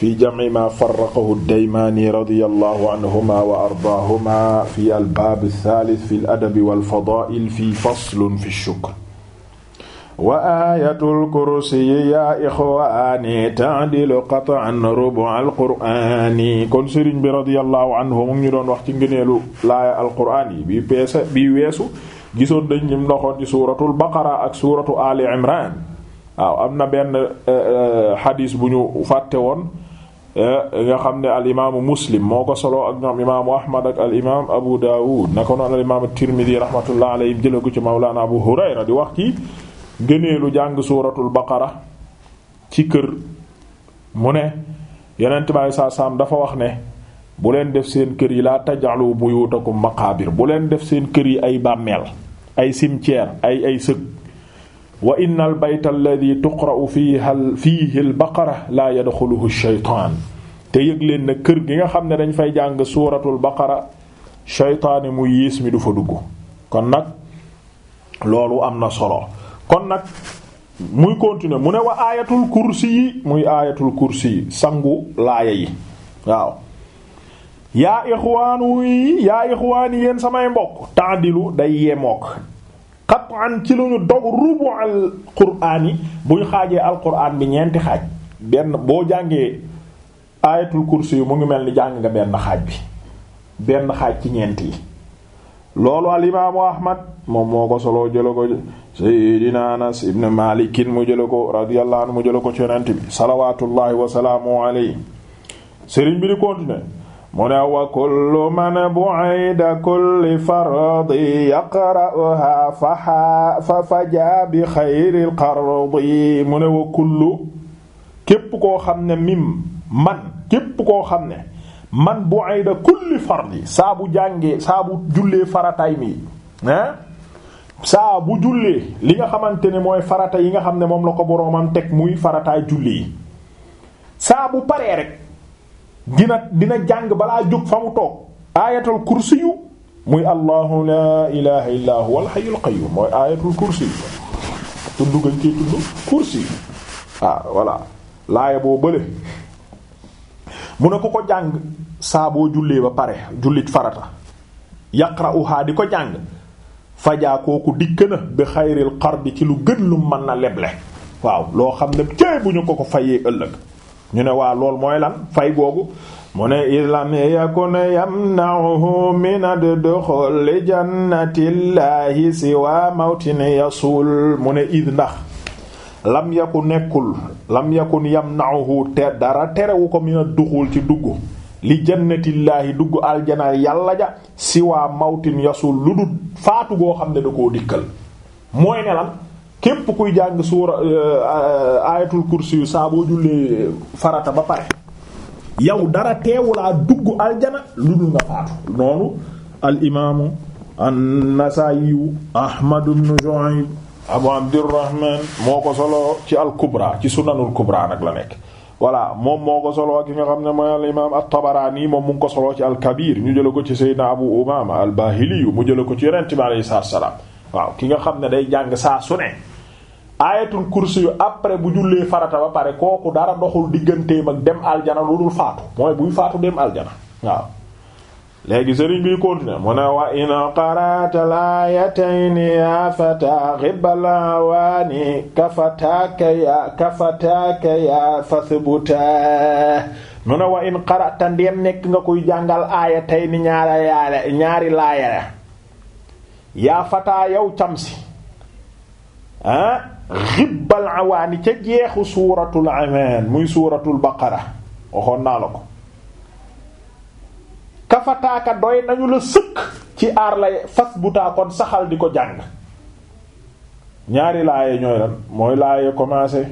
fi jam'i ma farraqahu ad-Daymaani radiyallahu anhuma wa ardaahuma fi al-baab ath-thaalith fi al-adab wal-fadaa'il fi faslun fi ash-shukr wa aayatul kursi yaa ixwaani ta'dilu qat'an rubu'al qur'aani kon sëriñ bi radiyallahu anhu mu ngi ñu doon wax ci ngëneelu laaya alqur'aan yi bii peese bii weesu gisoon dañ ñim ndoxoon ci suuratul baqara ak suuratu ali imran waaw am na benn xadiis eh, eh, bu ñu fàtte woon Eh, nga xam ne al imaamu muslim moo ko solo ak ñoom imaamu ahmad ak al imaam abu daawud naka noonu al imaamu tirmidi rahmatullah alayhim jële ko ci mawlaana abu hurayra di wax ci gëneelu jàng suuratul baqara ci kër mu ne yonent bi saa dafa wax ne bu leen def seen kër yi laa taj'alu buyutakum maqaabir bu leen def seen kër yi ay bàmmeel ay cimetière ay ay sëg wa inna al bayta alladi tuqra'u fiihi fiihi al baqara laa yadxuluhu shaytaan te yëg leen na kër gi nga xam ne dañ fay jàng suuratul baqara shaytaani mu yiis mi du fa dugg kon nag loolu am na solo kon nag muy continuer mu ne wa aayatul kursi yi muy aayatul kursi yi sangu laaya yi waaw yaa ixwaanu yi yaa ixwaani yéen samay mbokk ta'dilu day yemook qat'an ci lu ñu dog rubu al quraan yi buñ xaajee al quraan bi ñeenti xaaj benn boo jàngee ayatul kursi yu mu ngi mel ni jàng nga benn xaaj bi benn xaaj ci ñeent yi loolu al imaamu ahmad moom moo ko soloo jëla ko seydina anas ibn malikin mu jëla ko radiyallahu anhu mu jëla ko ci yonent bi salawatullahi wasalaamu alayhi sëriñ bi di continuer mu ne wa kullu man bu'ayda kulli fardi yaqra'uha fa fa faja bi xayril qardi mu ne wa kullu képp koo xam ne mim man képp koo xam ne man bu'ayda kulli fardi saa bu jàngee saa bu jullee farataay mi saa bu jullee li nga xamante ne mooy farata yi nga xam ne moom la ko boroomam teg muy farataay julli yi saa bu paree rek. dina dina jàng balaa jóg fa mu toog ayatul kursi yu muy allahu la ilaha illa huwa al hayyul mooy ayatul kursi yu tudd gañ koy ah, boo bële mu ne ku ko jàng saaboo boo jullee ba pare jullit farata yaqra'uha di ko jàng fajaa kooku dikk na bi xayril qardi ci lu gën lu mën na leble waaw loo xam ne cey bu ñu ko ko fayee ëllëg ñu ne waa lool mooy lan fay googu mu ne islam na yamna'uhu min ad-dukhul jannatillahi siwa mawtin yasul mu ne id ndax lam yakun nekkul lam yakun yamna'uhu te dara terewu ko min ad-dukhul ci dugg li jannatillaahi dugg aljana yàlla ja siwa mawtin yasul lu dul faatu goo xam ne da koo dikkal mooy ne lan képp kuy jàng suura euh, euh, ayatul kursi yu saa boo jullee farata ba pare yow dara teewulaa dugg aljana lu dul nga faatu noonu al imaamu an-Nasaayi Ahmad ibn Abu Abdirrahman moo ko solo ci al kubra ci sunanul kubra nag la nekk voilà moom moo ko solo ki nga xam ne mooy al imaam mu ngi ko solo ci al kabir ñu jële ko ci Seydina Abu Umaama al-Baahili mu jële ko ci Yonent bi alayhi salaam waaw ki nga xam ne day jàng saa su ne aayatul kursi yu après bu jullee farata ba pare kooku dara doxul digganteem ak dem aljana lu dul faatu mooy buy faatu dem aljana waaw léegi sëriñ bi continuer mu fata xibalawani kafataaka ya kafataaka ya mu ne wa in qara'ta ndem nekk nga koy jàngal aayatayni ñaari laaya ñaari laaya yaa fataa yow camsi ah xibbal awaani ca jeexu suuratul amaan muy suuratul baqara waxoon naa la ko kafataaka doy nañu la sëkk ci aar la fas butaa kon saxal di ko jàng ñaari laaye ñooy lan mooy laaye commencé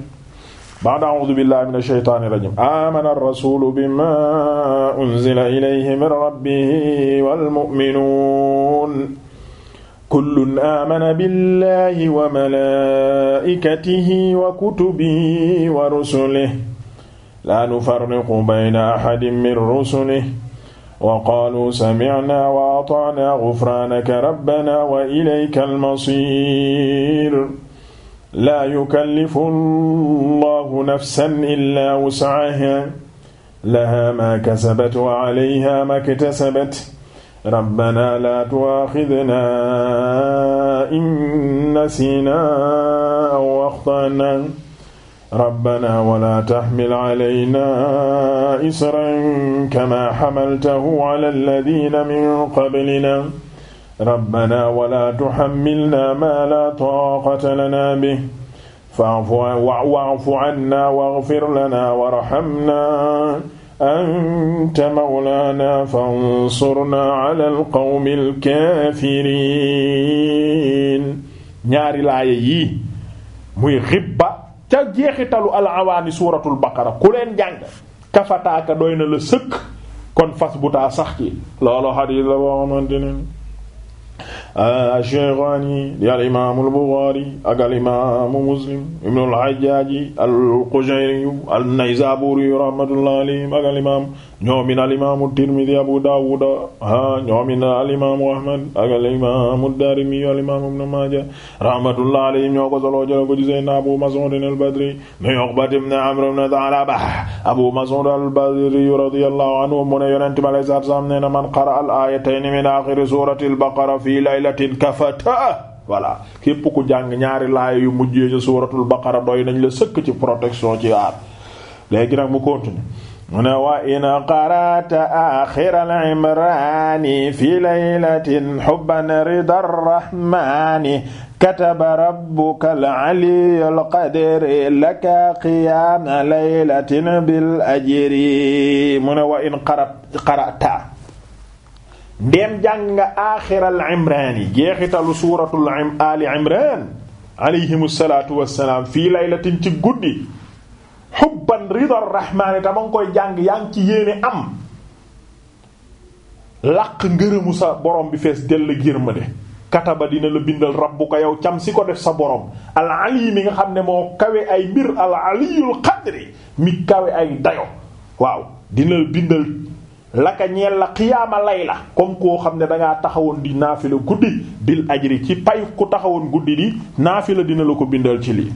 ba'da a'uudu billahi min ashaytaani rajim amana ar-rasuulu bima unzila ilayhi min rabbihi wal mu'minuun kullun aamana billahi wa malaa'ikatihi wa kutubihi wa rusulihi laa nufarriqu bayna ahadin min rusulihi wa qaaluu sami'naa wa ata'naa ghufraanaka rabbanaa wa ilaykal masiir laa yukallifu llaahu nafsan illaa wus'ahaa lahaa maa kasabat wa 'alayhaa maa iktasabat rabbana la tu'akhidhna in nasina aw akhtana rabbana wala tahmil alayna isran kama hamaltahu ala alladhina min qablina rabbana wala tuhammilna ma la taqata lana bihi fa'fu wa'fu anna waghfir lana warhamna anta mawlaana fansurnaa ala alqawmi alkaafiriin ñaari laaya yii muy xibba ca jeexitalu alawaani suuratul baqara ku leen jàng kafataaka doy na la sëkk kon fas butaa sax ci loolu xadiis la boo xamante ne Shaykhani di al imaamu al-Bukhari ak al imaamu Muslim ibnu al-Hajjaji al-Qushayri an-Naysaburi rahmatullahi alayhim ak al imaam ñoomin al imaamu Tirmidhi Abu Dawud ha ñoomin al imaamu Ahmad ak al imaamu Darimi al imaamu Ibn Maaja rahmatullahi alayhim ñoo ko solo jël ko ci Sayyidina Abu Mas'ud al-Badri min Uqbata ibn Amr ibn Thalaba Abu Mas'ud al-Badri radiyallahu anhu mu ne Yonent bi alayhi salaatu wa salaam nee na man qara'a al-aayatayni min aaxiri suurati al-Baqara fii layla laylatin kafata voilà képp ku jàng ñaari laay yu mujjee ci suuratul baqara doy nañ la sëkk ci protection ci aar léegi nag mu continue mu ne wa in qara'ta axiral imraani fi laylatin hubban ridar rahmaani kataba rabbuka al-aliyyul qadri laka qiyaama laylatin bil ajri mu ne wa in qara'ta ndeem jàng nga aaxiral imraan yi jeexitalu suuratul ali imraan alayhimu salaatu wassalaam fii laylatin ci guddi xubban ridar rahmaani te ba nga koy jàng yaa ci yéene am laq ngërëmu sa borom bi fees dell girma de kataba dina la bindal rabbuka yow cam si ko def sa borom al ali mi nga xam ne moo kawe ay mbir al aliyul qadri mi kawe ay dayo waaw dina la bindal laka ñeel la xiyaama lay la comme koo xam ne dangaa taxawoon di naafila guddi bil ajri ci pay ku taxawoon guddi di naafila dina la ko bindal ci lii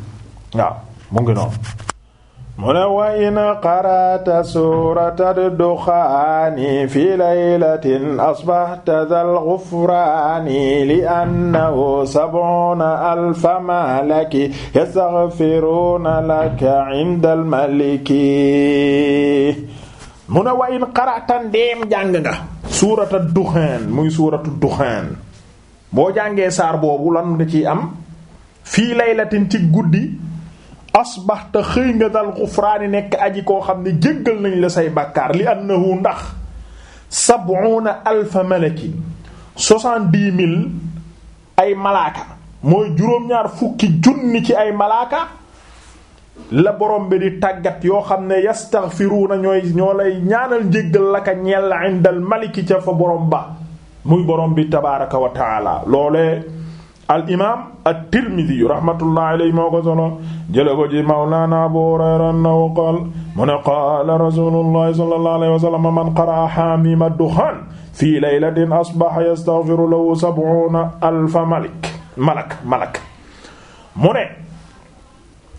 waaw mu ngi noonu mu ne wa in qara'ta surata duxaani fi laylatin asbahta dhal ghufraani li annahu sab'una alfa malaki yastaghfiruna laka 'inda al mu ne wa in qara'tan ndeem jàng nga suurata duxaan muy suuratu duxaan boo jàngee saar boobu lan nga ci am fii laylatin ci guddi asbaxta xëy nga dal xufraani nekk aji koo xam ne jéggal nañu la say bàkkaar li annahu ndax sab'una alfa malakin soixante-dix mille ay malaaka mooy juróom-ñaar fukki junni ci ay malaaka la borom bi di tàggat yoo xam ne yastaghfiruna ñooy ñoo lay ñaanal njéggal la ka ñeel indal maliki ca fa borom ba muy borom bi tabaaraka wa taala loolee al imaam at-Tirmidhi rahmatullahi alayhi moo ko solo jële ko ci mawlaana Abu Hurayra annahu qaal mu ne qaala rasuulullahi sallallahu alayhi wa sallam man qara'a haamiim ad-dukhaan fii laylatin asbaha yastaghfiru lahu sab'una alfa malik malak malak mu ne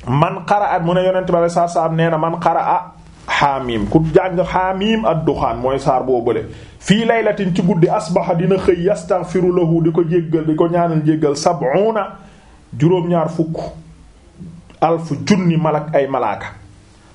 man qara'a mu ne yonent bi saar saar nee na man qara'a xaamim ku jàng xaamim ad-duxaan mooy saar boo bële fii laylatin ci guddi asbaxa dina xëy yastaghfiru lahu di ko jéggal di ko ñaanal jéggal sab'una juróom-ñaar fukk alfu junni malak ay malaaka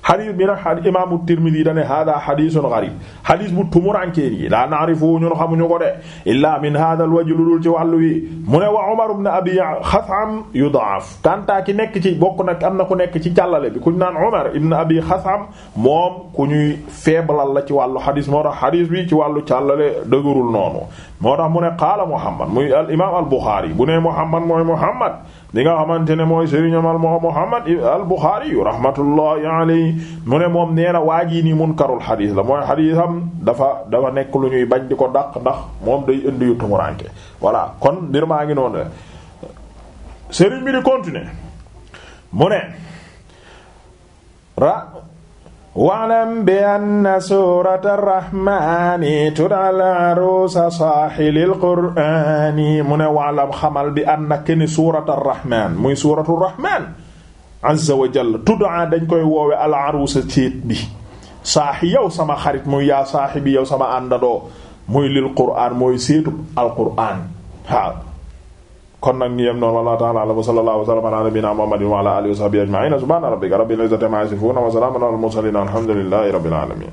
xadis bi nag imaamu Tirmidi dane hada xadisun garib xadis bu tumurankeen yi laa naarifu ñun xamuñu ko de illaa min hada al wajh lu dul ci wàllu wi mu ne wa Umar ibn Abi Xasam yudaaf kanta ki nekk ci bokk nag am na ku nekk ci jàllale bi kuñ naan Umar ibn Abi Xasam moom ku ñuy feebalal la ci wàllu xadis moo tax xadis bi ci wàllu càllale dëgërul noonu moo tax mu ne qaala Muhammad muy al imaam al Buxaari bu ne Muhammad mooy Muhammad li nga xamante ne mooy sëriñam al Muhammad al Buxaari rahmatullahi alayhi mu ne moom nee na waa jii nii munkarul xadiis la mooy xadiisam dafa dafa nekk lu ñuy bañ di ko dàq ndax moom day indi yu tumuranke voilà kon mbir maa ngi noonu la sëriñ bi di continuer mu ne ra wa'lam bi anna suurata rahmaani xamal bi anna kene suurata rahmaan muy suuratu rahmaan azza wa jalla tuddaa dañ koy woowe al arusa céet bi saaxi yow sama xarit muy yaa saaxi bi yow sama àndadoo muy lil quraan mooy séetu al quraan waaw kon nag ñu yem noonu ta'ala wa sallallahu wa sallama ala nabiyyina muhammadin wa ala alihi wa sahbihi ajma'in subhana rabbika rabbil izzati amma yasifun wa salamun alhamdulillahi rabbil alamin